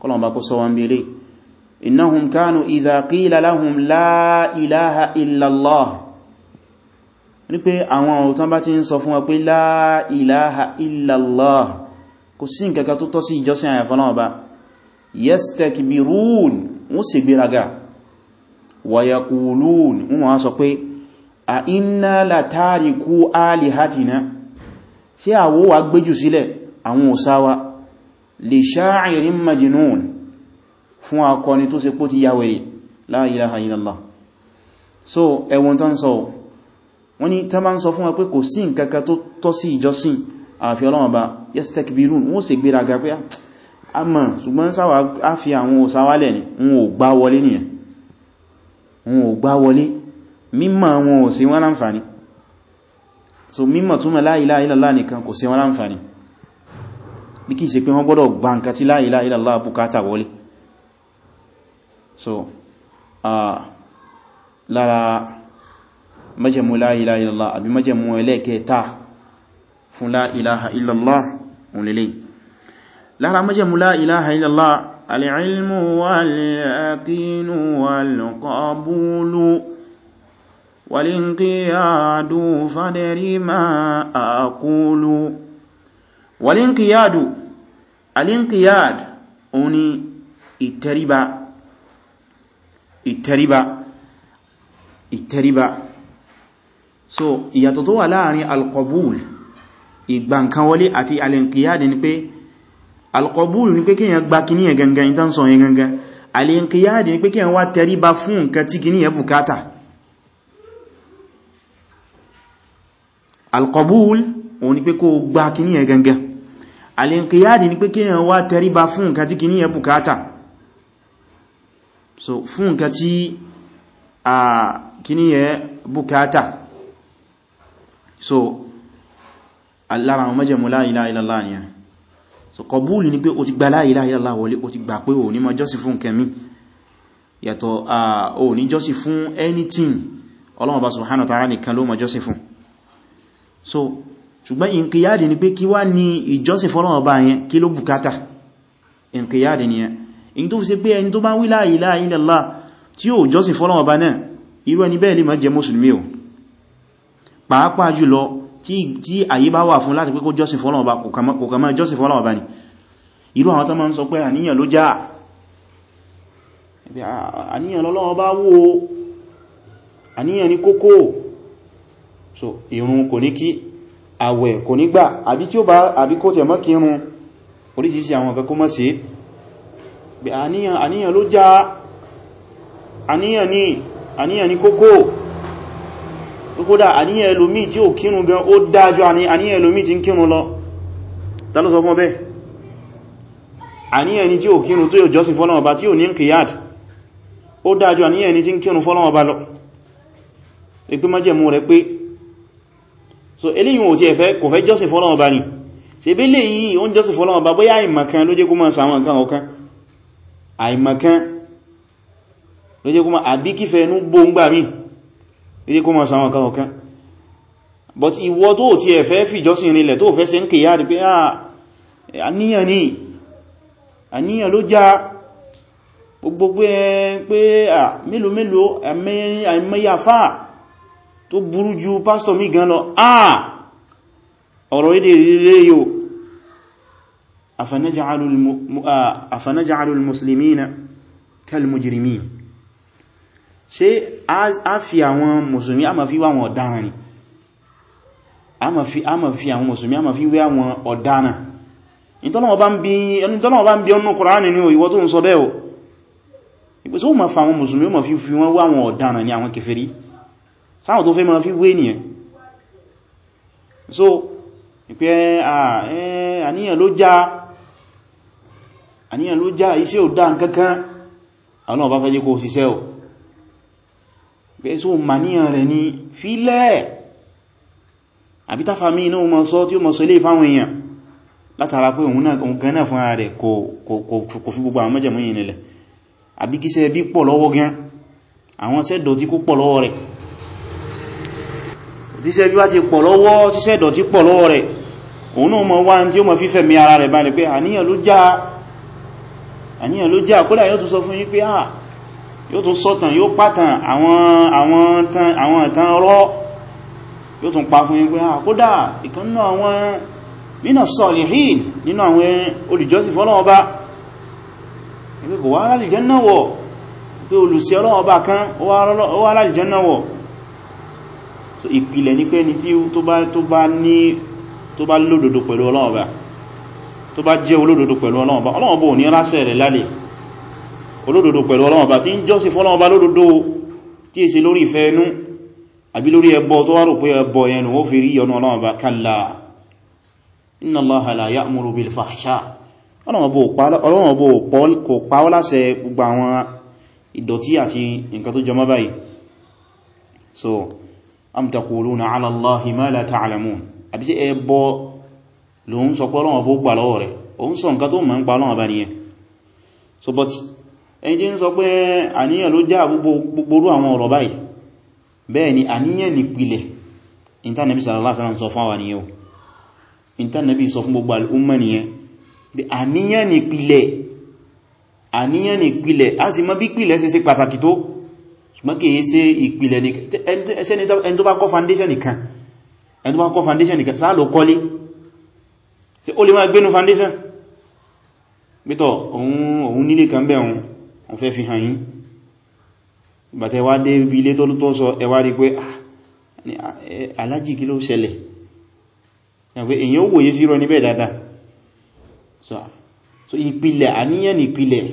S1: kọlọ̀mbà kó sọ wọn bí ilé innahum kanu idha qila lahum la ilaha illallah ní pé àwọn ọ̀tán bá ti ń sọ fún wa pé la ilaha wọ́n sì gbéraga wa wọ́n wọ́n sọ pé a iná látàrí kú alihatina sí àwọ́ wa gbéjù sílẹ̀ àwọn òsáwa lè ṣáàrin majinun fún akọni tó ṣe pó ti yàwèrè la ilaha illallah so ẹwọ́n tán sọ wọ́n ni tán bá ń sọ fún wa pé kò sí nǹkankan tó tọ́ sí ìjọsìn àfi Ọlọ́run Ọba yastakbirun wọ́n sì gbéraga pé ah, a mọ̀ ṣùgbọ́n sáwà á fi àwọn òsáwálẹ̀ ni wọn ò gbá wọlé nìyẹn wọn ò gbá wọlé mímọ̀ wọn ò sí wọn láǹfàní so mímọ̀ túnmọ̀ la ilaha illallah nìkan kò sí wọn láǹfàní bí kí ṣe pé wọ́n gbọ́dọ̀ gba nǹkan tí la ilaha illallah bùkátà wọlé so lára májẹ̀mú la ilaha àbí májẹ̀mú ẹlẹ́kẹta fún la ilaha illallah òlélé lára májẹ̀mú wàlínkíyàdù fàdẹ̀rí máa àkúlù wàlínkíyàdù alínkíyàdù òun ni ìtẹríba ìtẹríba ìtẹríba so ìyàtọ̀ tó wà láàrin alkọbúl ìgbà nǹkan wọlé àti alínkíyàdù ni pé alkọbúl ni pé kíyàn gba kíní ẹ̀ gangan ìtànsọ̀ yẹn gangan alínkíyàdù ni pé kíyàn wá tẹríba fún nǹkan tí kíní ẹ̀ alkọbúl òun ni pé kó gba kíní ẹ gangan alinqiyadi ni pé kíyàn wá tẹríba fún nǹkan tí kíní ẹ bùkátà so fún nǹkan tí a kíní ẹ bùkátà so alára àwọn mẹ́jẹ̀mú la ilaha illallah ni so kọbúl ni pé o ti gba la ilaha illallah wọlé o ti gbà pé o ní mọ́ jọ́sìn a kẹmí yàtọ̀ o ní jọ́sìn fún anything Ọlọ́run Ọba subhanahu wa ta'ala nìkan ló mọ́ jọ́sìn fún so ṣùgbọ́n ìǹkìyàdì ni pé kí wá ní ìjọsìn fọ́lọ́wọ́ bá yẹn kí ló bùkátà ìǹkìyàdì ni yẹn in tó fi ṣe pé ẹni tó bá wí la ilaha illallah tí ó jọsìn fọ́lọ́wọ́ bá náà irú ẹni bẹ́ẹ̀ lè má jẹ mùsùlùmí o pàápàá jùlọ tí àyè bá wà fún láti pé kó jọsìn fọ́lọ́wọ́ bá ni irú so irun kò ní kí àwẹ̀ kò ní gbà àbí tí ó bá àbí kó tẹ̀ mọ́ kí irun oríṣiríṣi àwọn nǹkan kó mọ́ sí àníyàn ló já àníyàn ní kókó kódà àníyàn ẹlòmí tí ó kírun gan ó dájú àníyàn ẹlòmí tí ń kírun lọ ta ló sọ fún bẹ́ẹ̀ àníyàn ẹni tí ó kírun tó yóò jọ́sìn fọ́lọ́wọ́ bá tí ò ní ń kìyàd ó dájú àníyàn ẹni tí ń kírun fọ́lọ́wọ́ bá lọ ìpín rẹ̀ pé so eléyìn ò tí ẹ̀fẹ́ kò fẹ́ jọ́sìn fọ́lọ́wọ́ bá ní ṣe bí lè yìí o ń jọ́sìn fọ́lọ́wọ́ bá bóyá àìmọ̀kan ló jẹ́ kó máa sàwọn nǹkan ọ̀kan àìmọ̀kan ló jẹ́ kó máa àbí kífẹ́ inú gbóngbà ló jẹ́ kó máa but ìwọ tó ti ẹ̀fẹ́ fi jọ́sìn rinlẹ̀ tó fẹ́ ṣe ń kèyà rí pé ah, àníyàn ni àníyàn ló já gbogbo pé mélòó mélòó tó burú ju pásítọ̀ mi gan lọ àà ọ̀rọ̀ èdè ríre yóò afanaja'alul muslimina kalmujrimin ṣé a fi àwọn mùsùlùmí a ma fi wá àwọn ọ̀daràn ni a ma fi àwọn mùsùlùmí a ma fi wé àwọn ọ̀daràn ìtọ́lọ́wọ́ bá ń bí ọnú Kùránì ní ìwọ tó ń sọ bẹ́ẹ̀ o ìpèsè ma fa àwọn mùsùlùmí ó ma fi fi wọ́n wá àwọn ọ̀daràn ni àwọn kèfèrí sáwọn tó fẹ́ ma fi wé nìyẹn so ìpẹ́ àníyàn ló já àníyàn ló já iṣẹ́ ò dá nǹkankan àwọn ọba fẹ́ jẹ́ kó ṣiṣẹ́ ò pẹ́ so màníyàn rẹ̀ ní fílẹ̀ àbí tàfàmí iná ma sọ tí ó ma sọ ilé ìfáwọn èèyàn látara pé òun gan náà fún ara rẹ̀ kò fi gbogbo àwọn mẹ́jẹ̀mú yìí nílẹ̀ bí pọ̀ lọ́wọ́ gan àwọn sẹ́dọ̀ tí kó pọ̀ lọ́wọ́ rẹ̀ tíṣẹ́ bí wá ti pọ̀ lọ́wọ́ tíṣẹ́ ìdọ̀ tí pọ̀ lọ́wọ́ rẹ̀ òun náà mọ̀ wá tí ó mọ̀ fífẹ́ mi ara rẹ̀ balẹ̀ pé àníyàn ló já àníyàn ló já kódà yóò tún sọ fún yín pé à ah, yóò tún sọ́tàn yóò pàtàn àwọn ìtàn rọ́ yóò tún pa fún yín pé à ah, kódà ìkan nínú àwọn mina salihin nínú àwọn olùjọ́sìn fọ́lọ́wọ́ bá ẹgbẹ́ kò wá alálìjẹ́ náà wọ̀ pé olùsẹ́ ọlọ́wọ́ bá kan ó wá alálìjẹ́ náà wọ̀ so ìpìlẹ̀ ní pé ní tí tó bá tó bá ní tó bá lódodo pẹ̀lú Ọlọ́run Ọba tó bá jẹ́ olódodo pẹ̀lú Ọlọ́run Ọba Ọlọ́run Ọba ò ní rásẹ̀ rẹ̀ lálẹ̀ olódodo pẹ̀lú Ọlọ́run Ọba tí ń jọ́sìn fún Ọlọ́run Ọba lódodo tí èsì kalla inna Allaha la ya'muru bil fahsha Ọlọ́run Ọba kò pa ọ́ láṣẹ gbogbo àwọn ìdọ̀tí àti nǹkan tó jọmọ́ báyìí so am taquluna ala Allahi ma la ta'lamun àbí sí ẹbọ ló ń sọ pé Ọlọ́run bó gbà lọ́wọ́ o ń sọ nǹkan tó mọ̀ ń pa Ọlọ́run so but ẹni tí ń sọ pé àníyàn ló já gbogbo àwọn ọ̀rọ̀ báyìí bẹ́ẹ̀ ni àníyàn nípìlẹ̀ ìntànàbí sallallahu alaihi wasallam sọ fún àwọn nìyẹn ìntànàbí sọ fún gbogbo al'umma nìyẹn bí àníyàn nípìlẹ̀ àníyàn nípìlẹ̀ a sì mọ̀ bí pìlẹ̀ ṣe ṣe pàtàkì tó ṣùgbọ́n kìí ṣe ìpìlẹ̀ ẹni tó bá kọ́ foundation nìkan ẹni tó bá foundation nìkan sáà ló kọ́lé tí ó lè foundation mítọ̀ òun nílé kan bẹ̀ òun òun fẹ́ fi hàn yín bàtẹ̀ wá dé bí ilé tó sọ ẹwà rí pé ah, alájì kí ló ṣẹlẹ̀ èyàn wòye sí níbẹ̀ dáadáa so ìpìlẹ̀ àníyàn ìpìlẹ̀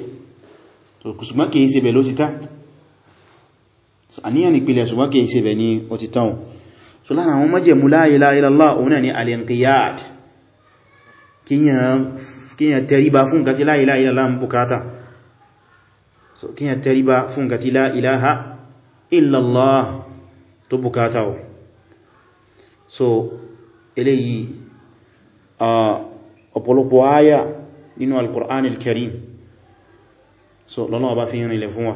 S1: ṣùgbọ́n kìí ṣe bẹ̀ ló ti tán àníyàn ni pílẹ̀ ṣùgbọ́n kìí ṣe bẹ̀ ní ọtí tán so lára àwọn májẹ̀mú la ilaha illallah òun náà ni al-inqiyad kíyàn tẹríba fún nǹkan tí la ilaha illallah ń bukata so kíyàn tẹríba fún nǹkan tí la ilaha illallah tó bukata o so eléyìí ọ̀pọ̀lọpọ̀ áyà nínú al-Qur'an al-Karim so lọ́nà ọba fi rìnlẹ̀ fún wa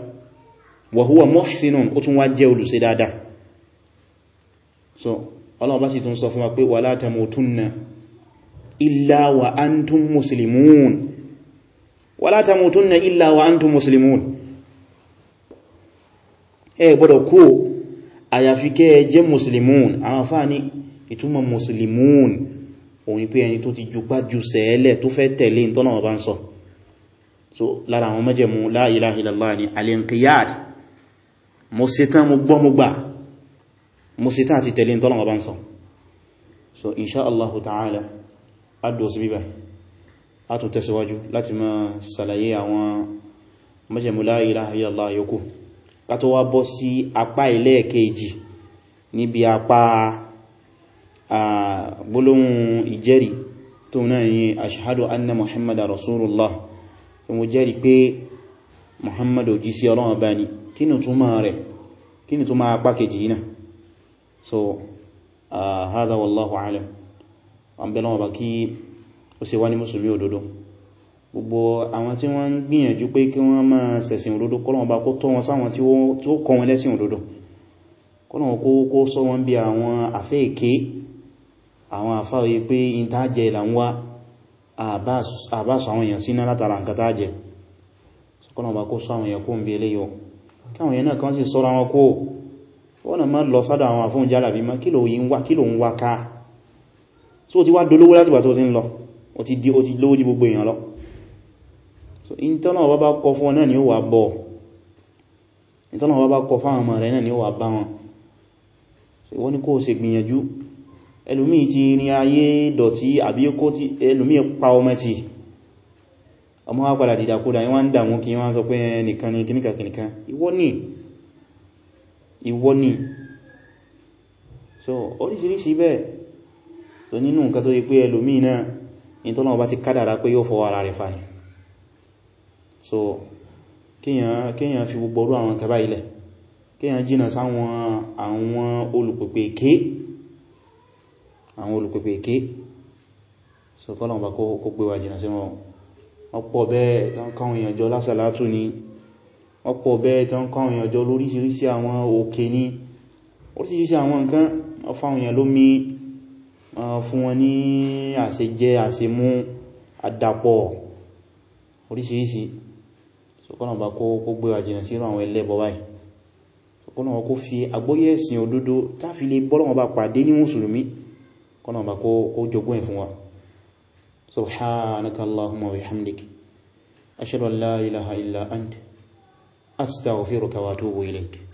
S1: wa huwa muhsinun ó tún wá jẹ́ olùṣe dáadáa so ọlọ́ọ̀bá sì tún sọ fún wa pé wala tamutunna illa wa antum muslimun wala tamutunna illa wa antum muslimun ẹ gbọ́dọ̀ kú àyàfi kẹ́ ẹ jẹ́ muslimun àwọn afá ní ìtumọ̀ muslimun òun pé ẹni tó ti jupá ju sẹ́ẹ̀lẹ̀ tó fẹ́ tẹ̀lé ìtọ́nà ọba ń sọ so lára àwọn mẹ́jẹ̀mú la ilaha illallah ni al-inqiyad mo ṣetán mo gbọ́ mo gbà mo ṣetán àti tẹ̀lé tọ́lọ̀wọ́ bá ń sọ so insha Allah ta'ala adò sí bíbẹ̀ a tún tẹ̀síwájú láti máa ṣàlàyé àwọn májẹ̀mú la ilaha illallah yòókù ká tó wá bọ́ sí apá ẹlẹ́ẹ̀kejì níbi apá gbólóhùn ìjẹ́rì tó náà ni ashhadu anna muhammadu rasulullah tó mo jẹ́rì pé muhammadu òjísí ọlọ́run bá ni kí ni túnmà rẹ̀ kí ni túnmà apákejì yìí so hadha wallahu alam ọ̀bẹ̀lọ́wọ̀ bá kí ó ṣe wá ní mùsùlùmí òdodo gbogbo àwọn tí wọ́n ń gbìyànjú pé kí wọ́n máa ṣẹ̀sìn òdodo kọ́lọ̀wọ̀n bá kó tọ́ wọn sáwọn tí ó kọ́ wọn lẹ́sìn òdodo kọ́lọ̀wọ̀n kó sọ wọn bí àwọn àfẹ́ èké àwọn àfáwẹ́ pé ìtajẹ ìlànwà àbáṣọ àwọn èèyàn síná látara nǹkan tájẹ kọ́lọ̀wọ̀n bá kó sọ àwọn èèyàn kó ń bí eléyọ káwọn èèyàn náà kan sì sọ́ra wọn kó wọ́n náà máa lọ sádọ̀ àwọn àfún jálàbí má kílò yí ń wá kílò ń wá ká so ti wá dolówó láti gbà tó ti ń lọ o ti lówó jí gbogbo èèyàn lọ so ìntọ́nà bá bá kọ fún wọn náà ni ó wà bọ̀ ìntọ́nà bá bá kọ fún àwọn ọmọ rẹ̀ náà ni ó wà bá wọn so wọ́n ni kó ṣe gbìyànjú ẹlòmíì ti ọmọ wá padà dìdàkúdà wọ́n ń dàmú kí wọ́n sọ pé nìkan ni kìníkà kìníkà ìwọ ni ìwọ ni so oríṣiríṣi bẹ́ẹ̀ so nínú nǹkan tó yí pé ẹlòmí náà in tó náà bá ti kádàrá pé yóò fọwọ́ ara rẹ̀ fà so kíyàn fi gbogbo orú àwọn kẹba ilẹ̀ kíyàn jìnà sáwọn àwọn olùpèpèké àwọn olùpèpèké so kọ́lọ̀ bá kó gbé wa jìnà sí wọn ọ̀pọ̀ bẹ́ẹ̀ tán káwọn èèyàn jọ lásàlátù ni ọ̀pọ̀ bẹ́ẹ̀ tán káwọn èèyàn jọ lóríṣìíríṣìí àwọn òkè ni oríṣìíríṣìí àwọn nǹkan ọfáwọn èèyàn ló mí fún wọn ní àṣejẹ àṣemú àdàpọ̀ oríṣìíríṣìí sọkọ́nà bá kó gbé àjìnà sínú àwọn ẹlẹ́bọ̀ báyìí kọ́nà kó fi agbóyé ẹ̀sìn òdodo táfi lè bọ́lọ́wọ́ bá pàdé ní mùsùlùmí kọ́nà kó jogún ẹ̀ fún wa سبحانك اللهم وبحمدك أشهد أن لا إله إلا أنت أستغفرك وأتوب إليك